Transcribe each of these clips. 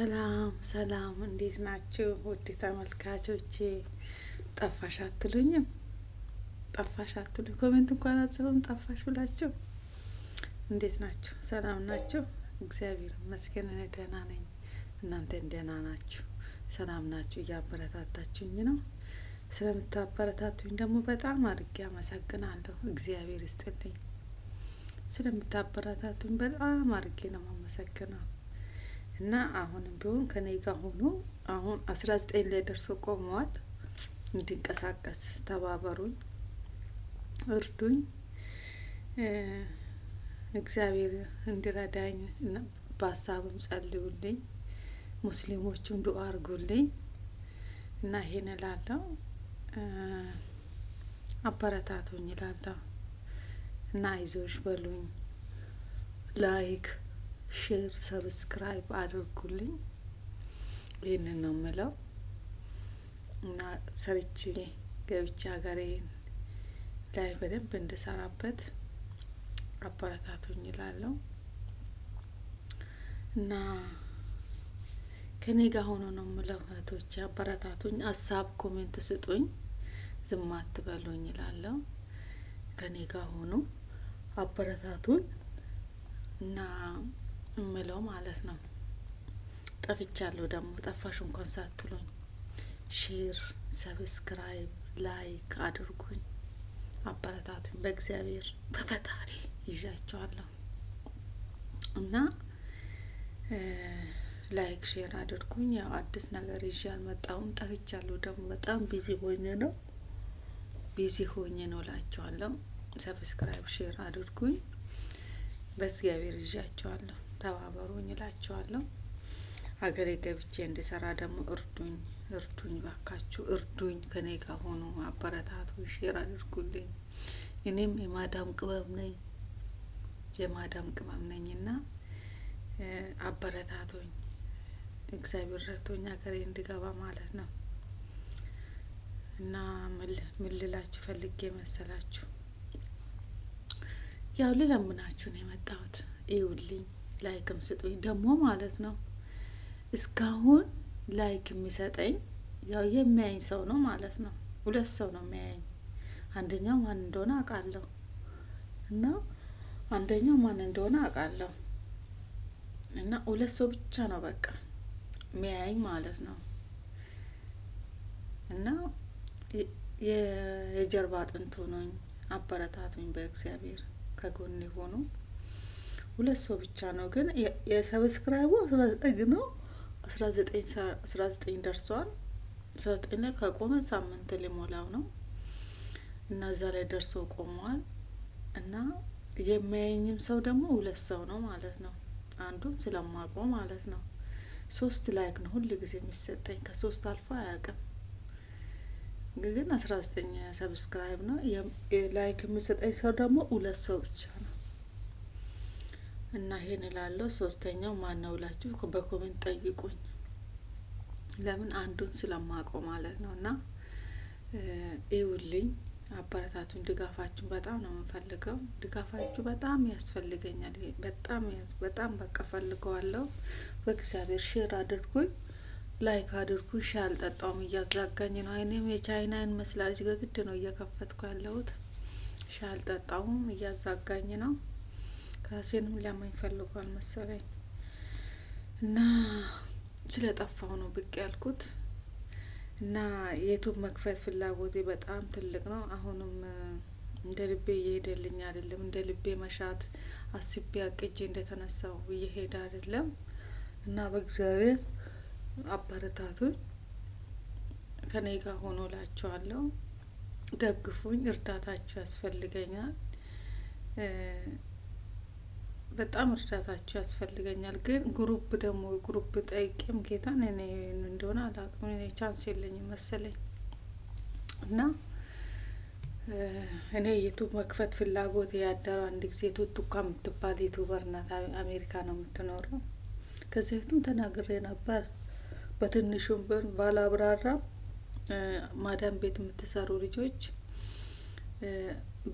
ሰላም ሰላም፣ እንዴት ናችሁ ውድ ተመልካቾቼ? ጠፋሽ አትሉኝም? ጠፋሽ አትሉ ኮሜንት እንኳን አጽፍም ጠፋሽ ብላችሁ። እንዴት ናችሁ? ሰላም ናችሁ? እግዚአብሔር ይመስገን እኔ ደህና ነኝ። እናንተን ደህና ናችሁ? ሰላም ናችሁ? እያበረታታችሁኝ ነው። ስለምታበረታቱኝ ደግሞ በጣም አድርጌ አመሰግናለሁ። እግዚአብሔር ይስጥልኝ። ስለምታበረታቱኝ በጣም አድርጌ ነው አመሰግናለሁ። እና አሁንም ቢሆን ከኔ ጋር ሆኖ አሁን አስራ ዘጠኝ ላይ ደርሶ ቆመዋል። እንዲንቀሳቀስ ተባበሩኝ፣ እርዱኝ። እግዚአብሔር እንዲረዳኝ በሀሳብም ጸልዩልኝ። ሙስሊሞችም ዱአ አድርጉልኝ እና ይሄን እላለሁ። አበረታቱኝ እላለሁ እና አይዞሽ በሉኝ ላይክ ሼር፣ ሰብስክራይብ አድርጉልኝ። ይህንን ነው ምለው እና ሰርቼ ገብቼ ሀገሬን ላይ በደንብ እንድሰራበት አበረታቱኝ ይላለው እና ከኔ ጋር ሆኖ ነው ምለው። እህቶቼ አበረታቱኝ፣ ሀሳብ ኮሜንት ስጡኝ፣ ዝም አትበሉኝ ይላለው። ከኔ ጋር ሆኑ እና እምለው ማለት ነው። ጠፍቻለሁ ደግሞ ጠፋሽ እንኳን ሳትሉኝ ሼር፣ ሰብስክራይብ፣ ላይክ አድርጉኝ፣ አበረታቱኝ። በእግዚአብሔር በፈጣሪ ይዣቸዋለሁ እና ላይክ ሼር አድርጉኝ። ያው አዲስ ነገር ይዤ አልመጣሁም። ጠፍቻለሁ ደግሞ በጣም ቢዚ ሆኜ ነው ቢዚ ሆኜ ነው ላችኋለሁ። ሰብስክራይብ ሼር አድርጉኝ። በእግዚአብሔር ይዣቸዋለሁ። ተባበሩኝ እላችኋለሁ። ሀገሬ ገብቼ እንድሰራ ደግሞ እርዱኝ፣ እርዱኝ፣ ባካችሁ እርዱኝ። ከኔ ጋር ሆኖ አበረታቱ፣ ሼር አድርጉልኝ። እኔም የማዳም ቅመም ነኝ የማዳም ቅመም ነኝ እና አበረታቶኝ እግዚአብሔር ረቶኝ ሀገሬ እንድገባ ማለት ነው። እና ምን ልላችሁ ፈልጌ መሰላችሁ? ያው ልለምናችሁ ነው የመጣሁት። ይውልኝ ላይክም ስጡኝ ደግሞ ማለት ነው። እስካሁን ላይክ የሚሰጠኝ ያው የሚያየኝ ሰው ነው ማለት ነው። ሁለት ሰው ነው የሚያኝ? አንደኛው ማን እንደሆነ አውቃለሁ እና አንደኛው ማን እንደሆነ አውቃለሁ እና ሁለት ሰው ብቻ ነው በቃ የሚያኝ ማለት ነው እና የጀርባ አጥንቱ ነኝ። አበረታቱኝ በእግዚአብሔር ከጎን የሆኑ ሁለት ሰው ብቻ ነው ግን የሰብስክራይቡ አስራ ዘጠኝ ነው። አስራ ዘጠኝ አስራ ዘጠኝ ደርሰዋል። አስራ ዘጠኝ ላይ ከቆመ ሳምንት ሊሞላው ነው እና እዛ ላይ ደርሰው ቆመዋል። እና የሚያየኝም ሰው ደግሞ ሁለት ሰው ነው ማለት ነው። አንዱን ስለማቆ ማለት ነው። ሶስት ላይክ ነው ሁል ጊዜ የሚሰጠኝ ከሶስት አልፎ አያውቅም። ግን አስራ ዘጠኝ ሰብስክራይብ ነው። ላይክ የሚሰጠኝ ሰው ደግሞ ሁለት ሰው ብቻ ነው። እና ይሄን እላለሁ። ሶስተኛው ማን ነው ብላችሁ በኮሜንት ጠይቁኝ። ለምን አንዱን ስለማውቀው ማለት ነው። እና ይውልኝ አበረታቱን። ድጋፋችሁን በጣም ነው የምንፈልገው። ድጋፋችሁ በጣም ያስፈልገኛል። በጣም በጣም በቃ ፈልገዋለሁ። በእግዚአብሔር ሼር አድርጉኝ፣ ላይክ አድርጉኝ። ሻይ አልጠጣውም እያዛጋኝ ነው። አይኔም የቻይና ይመስላል። ግግድ ነው እየከፈትኩ ያለሁት። ሻይ አልጠጣውም እያዛጋኝ ነው። ራሴንም ሊያመኝ ፈልጓል መሰለኝ እና ስለጠፋው ነው ብቅ ያልኩት እና የዩቱብ መክፈት ፍላጎቴ በጣም ትልቅ ነው። አሁንም እንደ ልቤ እየሄደልኝ አይደለም። እንደ ልቤ መሻት አስቤ አቅጄ እንደተነሳው እየሄደ አይደለም እና በእግዚአብሔር አበረታቱኝ፣ ከኔ ጋር ሆኖ ላችኋለሁ፣ ደግፉኝ። እርዳታችሁ ያስፈልገኛል። በጣም እርዳታችሁ ያስፈልገኛል። ግን ግሩፕ ደግሞ ግሩፕ ጠይቄም ጌታን እኔ እንደሆነ አላቅም እኔ ቻንስ የለኝ መሰለኝ እና እኔ ዩቱብ መክፈት ፍላጎት ያደረው አንድ ጊዜ ቱቱካ የምትባል ዩቱበር ናት። አሜሪካ ነው የምትኖረው። ከዚህ በፊትም ተናግሬ ነበር። በትንሹም ብን ባላብራራ ማዳም ቤት የምትሰሩ ልጆች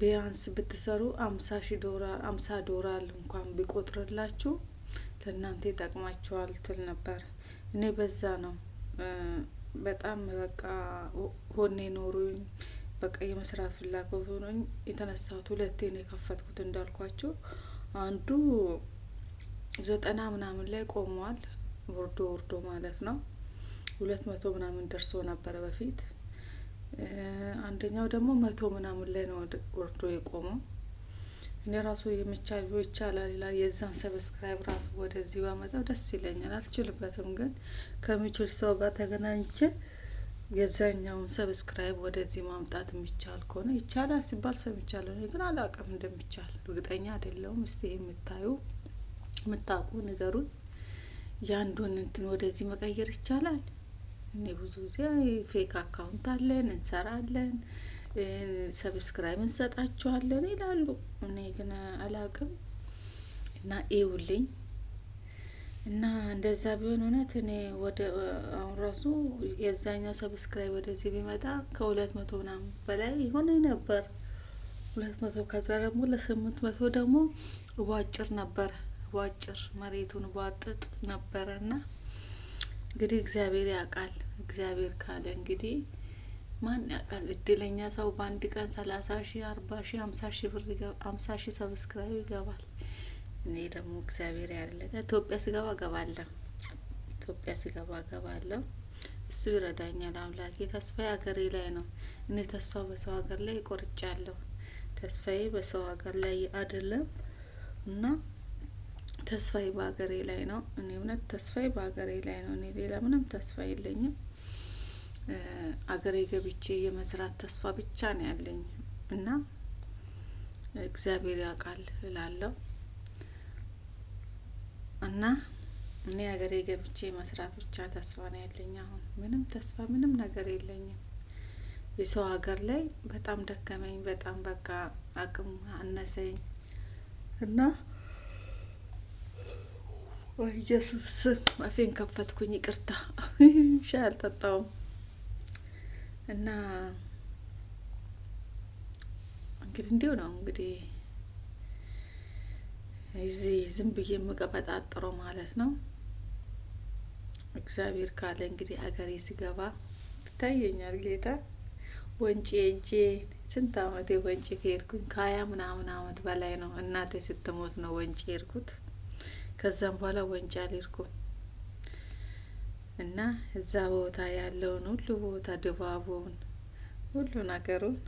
ቢያንስ ብትሰሩ አምሳ ሺ ዶላር አምሳ ዶላር እንኳን ቢቆጥርላችሁ ለእናንተ ይጠቅማችኋል ትል ነበር። እኔ በዛ ነው በጣም በቃ ሆኔ ኖሩኝ በቃ የመስራት ፍላጎት ሆኖኝ የተነሳሁት። ሁለቴ ነው የከፈትኩት እንዳልኳቸው አንዱ ዘጠና ምናምን ላይ ቆሟል፣ ወርዶ ወርዶ ማለት ነው። ሁለት መቶ ምናምን ደርሶ ነበረ በፊት አንደኛው ደግሞ መቶ ምናምን ላይ ነው ወርዶ የቆመው። እኔ ራሱ የሚቻል ይቻላል ይላል የዛን ሰብስክራይብ ራሱ ወደዚህ ባመጣው ደስ ይለኛል። አልችልበትም፣ ግን ከሚችል ሰው ጋር ተገናኝቼ የዛኛውን ሰብስክራይብ ወደዚህ ማምጣት የሚቻል ከሆነ ይቻላል ሲባል ሰምቻለሁ። እኔ ግን አላውቅም እንደሚቻል እርግጠኛ አይደለሁም። እስቲ የምታዩ የምታውቁ ንገሩኝ። ያንዱን እንትን ወደዚህ መቀየር ይቻላል? እኔ ብዙ ጊዜ ፌክ አካውንት አለን እንሰራለን ሰብስክራይብ እንሰጣችኋለን ይላሉ። እኔ ግን አላቅም እና ይውልኝ እና እንደዛ ቢሆን እውነት እኔ ወደ አሁን ራሱ የዛኛው ሰብስክራይብ ወደዚህ ቢመጣ ከሁለት መቶ ምናምን በላይ ይሆን ነበር። ሁለት መቶ ከዛ ደግሞ ለስምንት መቶ ደግሞ እቧጭር ነበረ እቧጭር መሬቱን ቧጥጥ ነበረ እና እንግዲህ እግዚአብሔር ያውቃል። እግዚአብሔር ካለ እንግዲህ ማን ያውቃል? እድለኛ ሰው በአንድ ቀን ሰላሳ ሺ አርባ ሺ ሀምሳ ሺ ብር ሀምሳ ሺ ሰብስክራይብ ይገባል። እኔ ደግሞ እግዚአብሔር ያለ ኢትዮጵያ ስገባ ገባለሁ። ኢትዮጵያ ስገባ ገባለሁ። እሱ ይረዳኛል አምላኬ። ተስፋ ሀገሬ ላይ ነው። እኔ ተስፋ በሰው ሀገር ላይ ቆርጫለሁ። ተስፋዬ በሰው ሀገር ላይ አይደለም እና ተስፋዬ በሀገሬ ላይ ነው። እኔ እውነት ተስፋዬ በሀገሬ ላይ ነው። እኔ ሌላ ምንም ተስፋ የለኝም። አገሬ ገብቼ የመስራት ተስፋ ብቻ ነው ያለኝ እና እግዚአብሔር ያውቃል እላለሁ እና እኔ ሀገሬ ገብቼ መስራት ብቻ ተስፋ ነው ያለኝ። አሁን ምንም ተስፋ ምንም ነገር የለኝም። የሰው ሀገር ላይ በጣም ደከመኝ፣ በጣም በቃ አቅም አነሰኝ እና ወይ ኢየሱስ አፌን ከፈትኩኝ፣ ይቅርታ ሻይ አልጠጣውም እና እንግዲህ እንዲሁ ነው እንግዲህ እዚህ ዝም ብዬ የምቀበጣጥረው ማለት ነው። እግዚአብሔር ካለ እንግዲህ አገሬ ሲገባ ይታየኛል ጌታ ወንጭ እጄ ስንት አመቴ ወንጭ ከሄድኩኝ ከሀያ ምናምን አመት በላይ ነው። እናቴ ስትሞት ነው ወንጭ ሄድኩት። ከዛም በኋላ ወንጭ አልሄድኩም እና እዛ ቦታ ያለውን ሁሉ ቦታ ድባቡን ሁሉ ነገሩን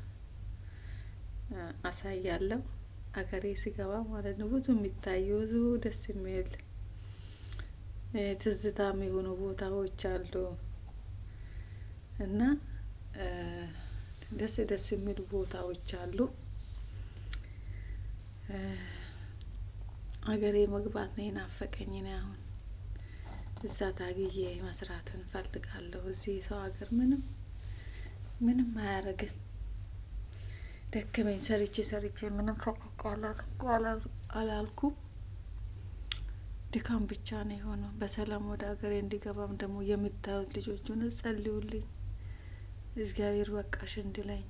አሳያለሁ። አገሬ ስገባ ማለት ነው። ብዙ የሚታዩ ብዙ ደስ የሚል ትዝታ የሚሆኑ ቦታዎች አሉ እና ደስ ደስ የሚል ቦታዎች አሉ። አገሬ መግባት ነው የናፈቀኝ። እኔ አሁን እዛ ታግዬ መስራትን ፈልጋለሁ። እዚህ ሰው ሀገር ምንም ምንም አያደርግም። ደከመኝ። ሰርቼ ሰርቼ ምንም ፈቆቆ አላልኩ። ድካም ብቻ ነው የሆነው። በሰላም ወደ ሀገሬ እንዲገባም ደግሞ የምታዩት ልጆቹን ጸልዩልኝ። እግዚአብሔር በቃሽ እንዲለኝ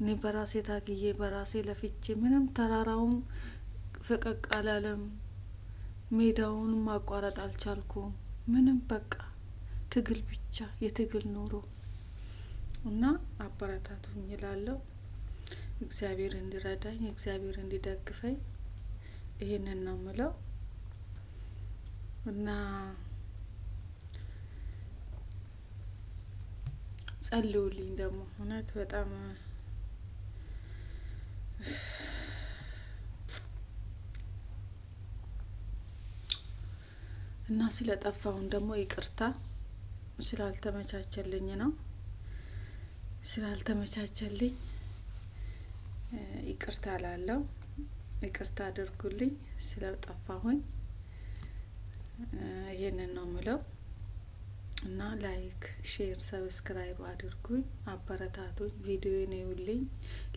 እኔ በራሴ ታግዬ በራሴ ለፍቼ ምንም ተራራውም ፈቀቅ አላለም። ሜዳውን ማቋረጥ አልቻልኩም። ምንም በቃ ትግል ብቻ የትግል ኑሮ እና አበረታቱኝ እላለሁ። እግዚአብሔር እንዲረዳኝ፣ እግዚአብሔር እንዲደግፈኝ ይህንን ነው ምለው እና ጸልዩልኝ ደግሞ እውነት በጣም እና ስለጠፋሁን ደግሞ ይቅርታ ስላልተመቻቸልኝ ነው ስላልተመቻቸልኝ ይቅርታ ላለው ይቅርታ አድርጉልኝ ስለጠፋሁኝ ይሄንን ነው ምለው እና ላይክ ሼር ሰብስክራይብ አድርጉኝ አበረታቱኝ ቪዲዮን ይውልኝ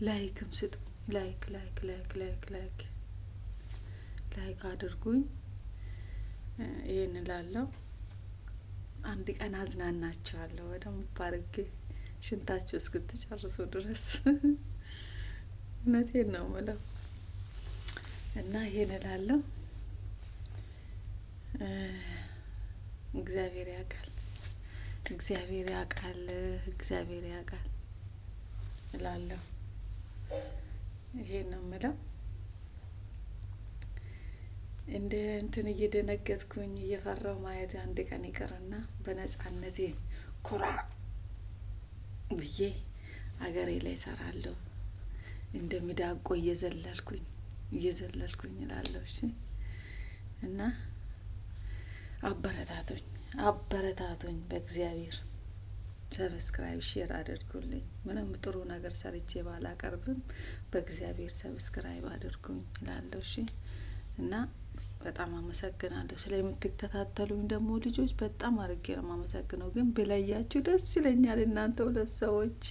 ላይክም ስጡ ላይክ ላይክ ላይክ ላይክ ላይክ ላይክ አድርጉኝ ይህን ላለው አንድ ቀን አዝናናቸዋለሁ በደንብ አድርጌ ሽንታችሁ እስክትጨርሱ ድረስ እውነቴን ነው ምለው እና ይሄን እላለሁ። እግዚአብሔር ያውቃል፣ እግዚአብሔር ያውቃል፣ እግዚአብሔር ያውቃል እላለሁ። ይሄን ነው ምለው። እንደ እንትን እየደነገጥኩኝ እየፈራው ማየት አንድ ቀን ይቀርና በነጻነቴ ኩራ ብዬ አገሬ ላይ ሰራለሁ። እንደ ሚዳቆ እየዘለልኩኝ እየዘለልኩኝ እላለሁ። እሺ እና አበረታቶኝ አበረታቶኝ በእግዚአብሔር ሰብስክራይብ ሼር አድርጉልኝ። ምንም ጥሩ ነገር ሰርቼ ባላቀርብም በእግዚአብሔር ሰብስክራይብ አድርጉኝ እላለሁ። እሺ እና በጣም አመሰግናለሁ ስለምትከታተሉኝ ደግሞ ልጆች በጣም አርጌ ነው የማመሰግነው። ግን ብለያችሁ ደስ ይለኛል። እናንተ ሁለት ሰዎች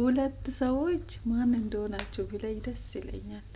ሁለት ሰዎች ማን እንደሆናችሁ ብለይ ደስ ይለኛል።